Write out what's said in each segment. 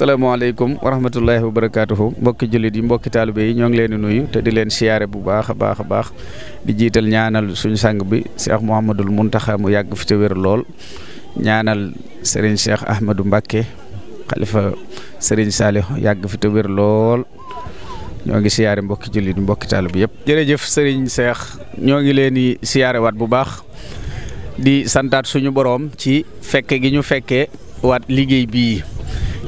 Assalamualaikum wa rahmatullahi wa barakaatuhu mbokki jullit yi mbokki taalibe yi ñong leen nuyu te di leen siaré bu baax baax baax di jital ñaanal suñu sang bi Cheikh Mouhamadul muntaha mu yag fi te lool ñaanal Serigne Cheikh Ahmadou Mbacké khalifa Serigne Salih yag fi te lool ñoo siaré siyaare julit jullit yi mbokki taalibe yëpp. Serigne Cheikh ñoo leen di siaré wat bu baax di santat suñu borom ci fekke gi ñu fekke wat liggéey bi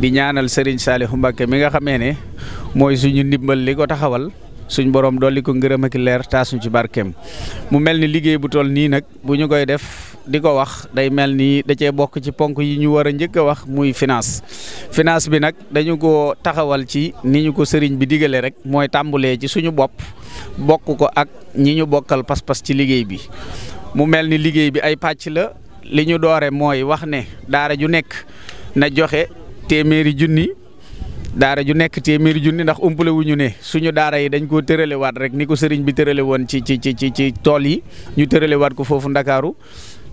di ñaanal Serigne Saliou mbake mi nga xamé né moy suñu ndimbal li ko taxawal suñ borom dolli ko ngërëm ak leer taasu ci barkem mu melni liggey bu toll ni nak buñu koy def diko wax day melni ni da ci bok ci ponk yi ñu wara a wax muy finance finance bi nak dañu ko taxawal ci ni ko serigne bi digalé rek moy tambulé ci suñu bop bok ko ak ñi ñu pas-pas ci liggey bi mu melni liggey bi ay patch la liñu doore wax ne daara ju nek na joxé téeméeri junni daara ju nekk téeméeri junni ndax umpale wu ñu ne suñu daara yi dañ koo tërale waat rek ni ko sëriñ bi tërale woon ci ci ci ci tool yi ñu tërale waat ko foofu ndakaaru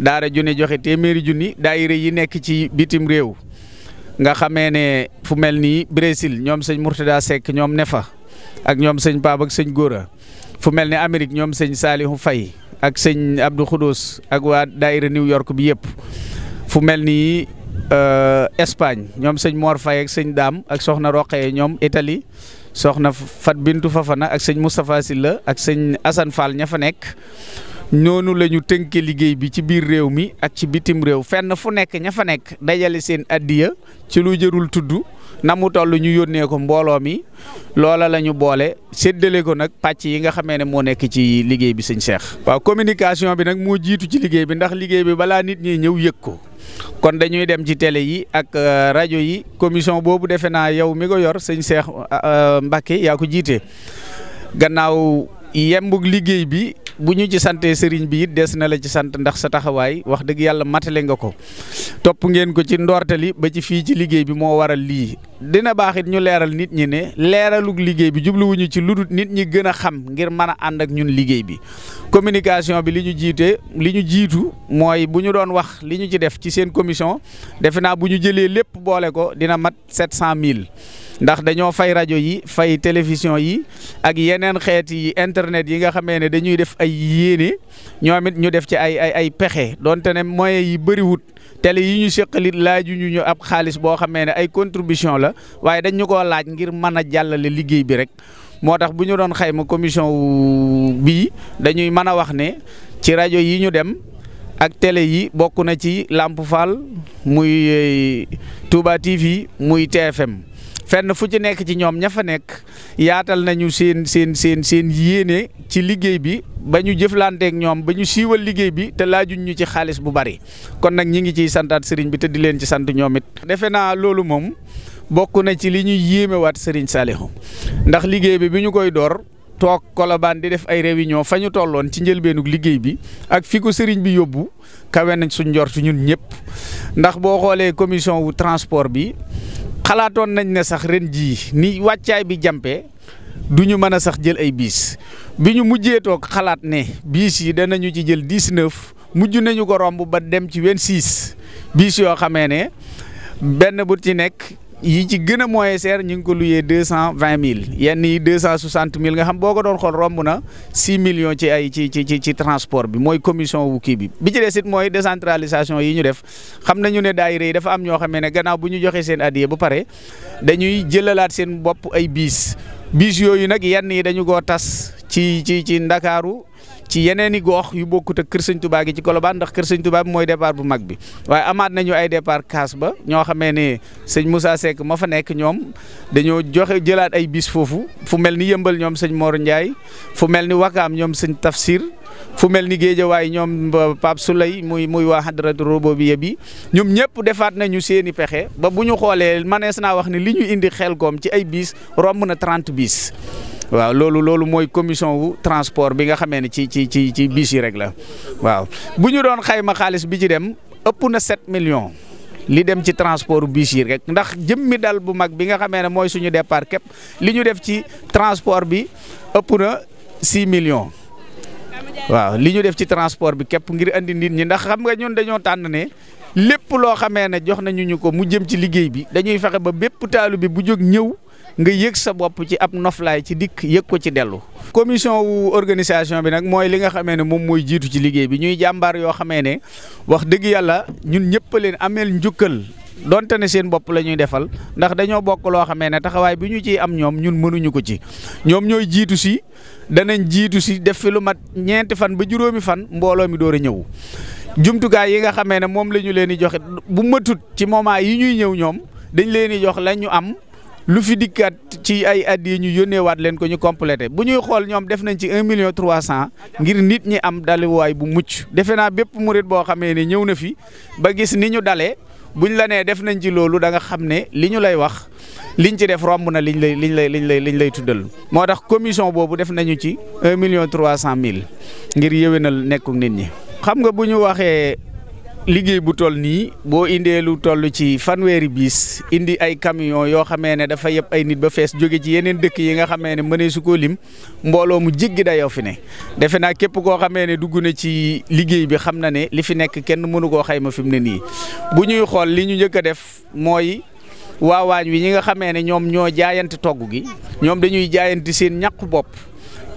daara ju ne joxe téeméeri junni daayira yi nekk ci bitim réew nga xamee ne fu mel ni Brésil ñoom sëñ Mourtada Seck ñoom ne ak ñoom sëñ paab ak sëñ Góora fu mel ni Amérique ñoom sëñ Salihu fay ak sëñ Abdou Khoudous ak waa daayira New York bi yëpp fu mel ni Euh, Espagne ñoom sëñ Mor ak sëñ Daam ak soxna Roqee ñoom itali soxna Fat Bintu Fafana ak sëñ Moustapha la ak sëñ Assane Fall ña fa nekk noonu lañu ñu tënke liggéey bi ci biir réew mi ak ci bitim réew fenn fu nekk ña fa nekk dajale seen addiya ci lu jërul tudd na mu toll ñu yónnee ko mbooloo mi loola la ñu boole séddale ko nag pàcc yi nga xamee ne moo nekk ci liggéey bi sëñ Cheikh. waaw communication bi nag moo jiitu ci liggéey bi ndax liggéey bi balaa nit ñi ñëw yëg ko. kon dañuy dem ci télé yi ak euh, rajo yi commission boobu defe naa yow mi ko yor sëñ Cheikh euh, Mbacke yaa ko jiite gannaaw yembug liggéey bi bu ñu ci santee sëriñ bi it des na la ci sant ndax sa taxawaay wax dëgg yàlla matale nga ko topp ngeen ko ci ndoortali ba ci fii ci liggéey bi moo waral lii dina baaxit ñu leeral nit ñi ne leeralug liggéey bi jubluwuñu ci lu ludut nit ñi gën a xam ngir mën a ànd ak ñun liggéey bi communication bi li ñu jiite li ñu jiitu mooy bu ñu doon wax li ñu ci def ci seen commission defe naa bu ñu jëlee lépp boole ko dina mat sept cent mille ndax dañoo fay rajo yi fay télévision yi yeneen xeet yi internet yi nga xamee ne dañuy def ay yéene ñoom it ñu def ci ay ay ay pexe donte ne moyens yi bëriwut télé yi ñu séqalit laaju ñu ñu ab xaalis boo xamee ne ay contribution la waaye dañ ko laaj ngir mën a jàllale liggéey bi rek moo tax bu ñu doon xayma commission bii dañuy mën a wax ne ci rajo yi ñu dem ak télé yi bokk na ci Lamp Fall muy eh, Touba TV muy TFM. fenn fu ci nekk ci ñoom ña fa nekk yaatal nañu seen seen seen seen yéene ci liggéey bi ba ñu jëflanteek ñoom ba ñu siiwal liggéey bi te laajuñ ñu ci xaalis bu bari kon nag ñi ngi ciy santaat sëriñ bi te di leen ci sant ñoomit defe naa loolu moom bokk na ci li ñuy yéemewaat sëriñ Saliou ndax liggéey bi bi ñu koy door. toog kolobaan di def ay réunion fa ñu tolloon ci njëlbeenug liggéey bi ak fi ko sëriñ bi yóbbu kawe nañ suñ njortu ñun ñëpp ndax boo xoolee commission wu transport bi xalaatoon nañ ne sax ren jii ni wàccaay bi jampee du ñu mën a sax jël ay biis bi ñu mujjee toog xalaat ne biis yi danañu ci jël dix-neuf mujj nañu ko romb ba dem ci vingt-six biis yoo xamee ne benn bu ci nekk yi ci gën a mooy seer ñu ngi ko luyee deux cent vingt mille yenn yi deux cent soixante mille nga xam boo ko doon xool romb na six millions ci ay ci ci ci transport bi mooy commission wu kii bi bi ci des mooy décentralisation yi ñu def xam na ñu ne daayira yi dafa am ñoo xamee ne gannaaw bu ñu joxee seen addiya ba pare dañuy jëlalaat seen bopp ay biis biis yooyu nag yenn yi dañu koo tas ci ci ci Ndakaaru ci yeneen i gox yu bokkute kër sëñ Touba gi ci Colobane ndax kër sëñ tubaab bi mooy départ bu mag bi waaye amaat nañu ay départ kaas ba ñoo xamee ne sëñ Moussa Seck ma fa nekk ñoom dañoo joxe jëlaat ay bis foofu fu mel ni yëmbal ñoom sëñ Mor Ndiaye fu mel ni Wakaam ñoom sëñ Tafsir fu mel ni waaye ñoom Pape Souley muy muy waa Hadratu Rububiya bi ñoom ñëpp defaat nañu seeni pexe ba bu ñu xoolee manees naa wax ne li ñu indi xel koom ci ay biis romb na 30 bis waaw loolu loolu mooy commission wu transport bi nga xamee ne ci ci ci ci bis rek la waaw bu ñu doon xayma xaalis bi ci dem ëpp na 7 million li dem ci transport bis rek ndax jëmmi dal bu mag bi nga xamee ne mooy suñu départ képp li ñu def ci transport bi ëpp na 6 million waaw li ñu def ci transport bi képp ngir indi nit ñi ndax xam nga ñun dañoo tànn ne lépp loo xamee ne jox nañu ñu ko mu jëm ci liggéey bi dañuy fexe ba bépp taalu bi bu jóg ñëw nga yëg sa bopp ci ab noflaay ci dikk yëg ko ci dellu. commission wu organisation bi nag mooy li nga xamee ne moom mooy jiitu ci liggéey bi ñuy jàmbaar yoo xamee ne wax dëgg yàlla ñun ñëpp leen ameel njukkal. donte ne seen bopp la ñuy defal ndax dañoo bokk loo xamee ne taxawaay bi ñu ciy am ñoom ñun mënuñu ko ci ñoom ñooy jiitu si danañ jiitu si def fi lu mat ñeenti fan ba juróomi fan mbooloo mi door a ñëw. jumtukaay yi nga xamee ne moom la ñu leen di joxe bu ci moment yi ñuy ñëw ñoom la ñu am. lu fi dikkaat ci ay at yi ñu yónneewaat leen ko ñu complété bu ñuy xool ñoom def nañ ci un million trois cent ngir nit ñi am daluwaay bu mucc defe naa bépp murit boo xamee ne ñëw na fi ba gis ni ñu dalee buñ la nee def nañ ci loolu da nga xam ne li ñu lay wax li ñu ci def romb na liñ lay liñ lay liñ lay liñ lay tuddal moo tax commission boobu def nañu ci million trois cent mille ngir yéwénal nekkuk nit ñi xam nga bu ñu waxee liggéey bu toll nii boo indee lu toll ci fanweeri biis indi ay camion yoo xamee ne dafa yëpp ay nit ba fees jóge ci yeneen dëkk yi nga xamee ne mëneesu koo lim mbooloo mu jéggi dayoo fi ne defe naa képp koo xamee ne dugg na ci liggéey bi xam na ne li fi nekk kenn mënu koo xayma fi mu ne nii bu ñuy xool li ñu njëkk a def mooy waawaañ wi ñi nga xamee ne ñoom ñoo jaayante togg gi ñoom dañuy jaayanti seen ñàqu bopp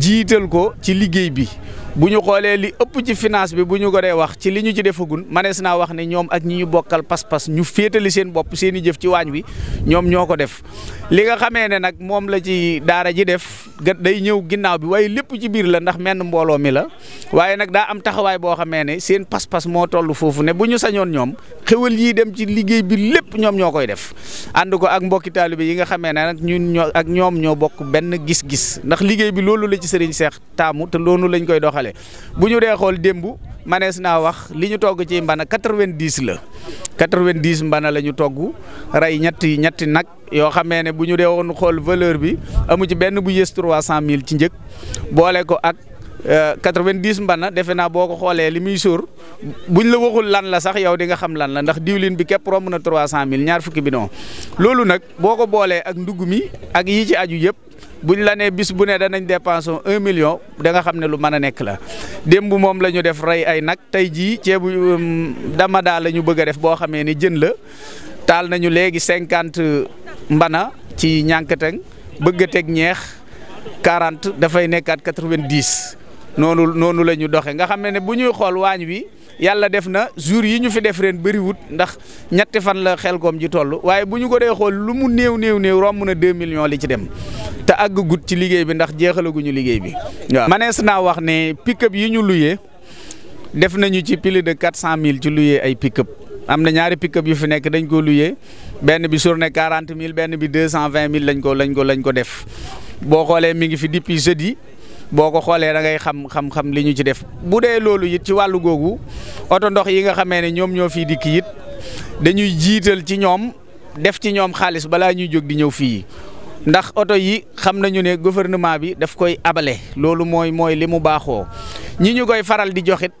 jiital ko ci liggéey bi bu ñu xoolee li ëpp ci finance bi bu ñu ko dee wax ci li ñu ci defagun manees naa wax ne ñoom ak ñu bokkal pas-pas ñu féetali seen bopp seen i jëf ci waañ wi ñoom ñoo ko def. li nga xamee ne nag moom la ci daara ji def day ñëw ginnaaw bi waaye lépp ci biir la ndax menn mbooloo mi la waaye nag daa am taxawaay boo xamee ne seen pas-pas moo toll foofu ne bu ñu sañoon ñoom xéwal yii dem ci liggéey bi lépp ñoom ñoo koy def ànd ko ak mbokki taalibe yi nga xamee ne nag ñun ñoo ak ñoom ñoo bokk benn gis-gis ndax liggéey bi loolu la ci sëriñ Seex taamu te loolu lañ koy doxale bu ñu dee xool démb manees naa wax li ñu togg ci mbana 90 la 90 mbana la ñu togg rey ñetti ñetti nag yoo xamee ne bu ñu dee woon xool valeur bi amu ci benn bu cent mille ci njëg boole ko ak. 90 euh, mbana defe naa boo ko xoolee li muy suur buñ la waxul lan la sax yow di nga xam lan la ndax diwlin bi képp romb na 300000 ñaar fukki bi bidon loolu nag boo ko boolee ak ndugg mi ak yi aju yëpp. bu ñu la nee bis bu ne danañ dépensé un million danga xam ne lu mën a nekk la démb moom la ñu def rey ay nag tey jii ceebu um, dama daal la ñu bëgg a def boo xamee ni jën la taal nañu léegi cinquante mbana ci ñànkateng bëgg a teg ñeex quarante dafay nekkaat quatre-vingt-dix noonu noonu la ñu doxe nga xam ne ne bu ñuy xool waañ wi yàlla def na jour yi ñu fi def ren bëriwut ndax ñetti fan la xel koom ji toll waaye bu ñu ko dee xool lu mu néew néew néew romb na deux millions li ci dem te àggagut ci liggéey bi ndax jeexalaguñu liggéey bi waaw manees naa wax ne pick-up yi ñu luye def nañu ci plus de quatre cent mille ci luyee ay pick-up am na ñaari pick yu fi nekk dañ ko luyee benn bi journée quarante mille benn bi deux cent vingt mille lañ ko lañ ko lañ ko def boo xoolee mi ngi fi depuis jeudi boo ko xoolee da ngay xam xam xam li ñu ci def bu dee loolu it ci wàllu googu oto ndox yi nga xamee ne ñoom ñoo fii dikk it dañuy jiital ci ñoom def ci ñoom xaalis balaa ñuy jóg di ñëw fii ndax oto yi xam nañu ne gouvernement bi daf koy abale loolu mooy mooy li mu baaxoo ñi ñu koy faral di joxit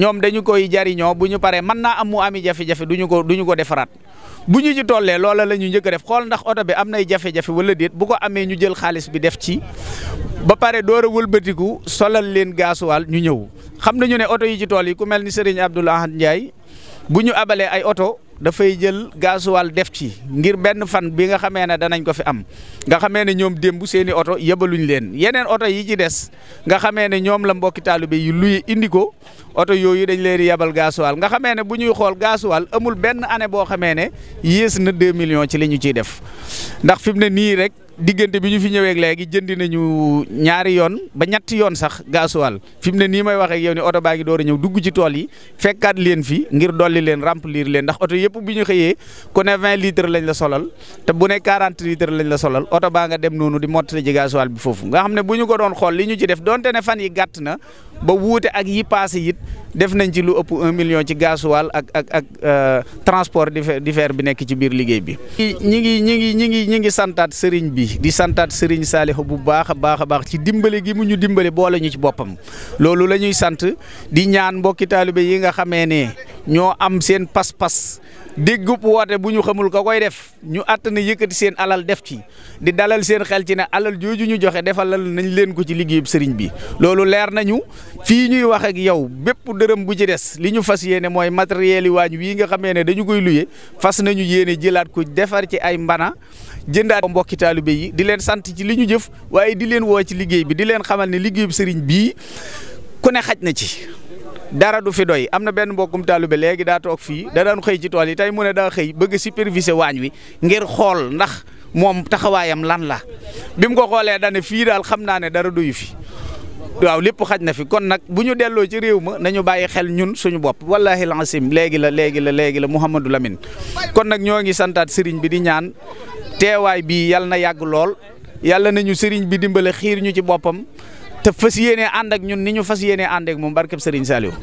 ñoom dañu koy jariñoo bu ñu paree mën naa am mu ami jafe-jafe duñu ko duñu ko defaraat bu ñu ci tollee loola la njëkk def xool ndax oto bi am nay jafe wala déet bu ko amee ñu jël xaalis bi def ci ba pare door a wëlbatiku solal leen gaasuwaal ñu ñëw xam nañu ne oto yi ci tool yi ku mel ni Serigne Abdoul Ahad Ndiaye bu ñu abalee ay oto dafay jël gaasuwaal def ci ngir benn fan bi nga xamee ne danañ ko fi am nga xamee ne ñoom démb seeni oto yebaluñ leen yeneen oto yi ci des nga xamee ne ñoom la mbokki taalibe yi luy indi ko oto yooyu dañ leen di yebal gaasuwaal nga xamee ne bu ñuy xool gaasuwaal amul benn année boo xamee ne yées na 2 million ci li ñu ciy def ndax fi mu ne nii rek. diggante bi ñu fi ñëwee léegi jëndi nañu ñaari yoon ba ñetti yoon sax gaasuwaal fi mu ne nii may waxee ak yow ni oto baa ngi door a ñëw dugg ci tool yi fekkaat leen fi ngir dolli leen remplir leen ndax oto yëpp bi ñu xëyee ku ne 20 litres lañ la solal te bu ne 40 litres lañ la solal oto baa nga dem noonu di mottali ji gaasuwaal bi foofu nga xam ne bu ñu ko doon xool li ñu ci def donte ne fan yi gàtt na ba wuute ak yi passé it def nañ ci lu ëpp un million ci gasoil ak ak ak euh, transport divers bi nekk ci biir liggéey bi. ñi ngi ñi ngi ñi ngi ñi ngi santaat sëriñ bi di santaat sëriñ Saliou bu baax a baax a baax ci dimbale gi mu ñu dimbale boole ñu ci boppam loolu lañuy sant di ñaan mbokki taalibe yi nga xamee ne ñoo am seen pas-pas. déggub woote bu ñu xamul ka koy def ñu àtt na yëkkati seen alal def ci di dalal seen xel ci na alal jooju ñu joxe defalal nañ leen ko ci liggéeyub sëriñ bi loolu leer nañu fii ñuy wax ak yow bépp dërëm bu ci des li ñu fas yéene mooy matériel yi waañ wii nga xamee ne dañu koy luye fas nañu yéene jëlaat ko defar ci ay mbana jëndaat ko mbokki taalibe yi di leen sant ci li ñu jëf waaye di leen woo ci liggéey bi di leen xamal ne liggéeyub sëriñ bii ku ne xaj na ci dara du fi doy am na benn mbokkum taalibe léegi daa toog fii da daan xëy ci tool yi tay mu ne daa xëy bëgg superviser waañ wi ngir xool ndax moom taxawaayam lan la bi mu ko xoolee dane fii daal xam naa ne dara duyu fi waaw lépp xaj na fi kon nag bu ñu delloo ci réew ma nañu bàyyi xel ñun suñu bopp wallaahi lancim léegi la léegi la léegi la Mouhamadou Lamine kon nag ñoo ngi santaat sëriñ bi di ñaan teewaay bii yal na yàgg lool yàlla nañu sëriñ bi dimbale xiir ñu ci boppam te fas yéenee ànd ak ñun ni ñu fas yéenee ànd ak moom barkeb Serigne Saliou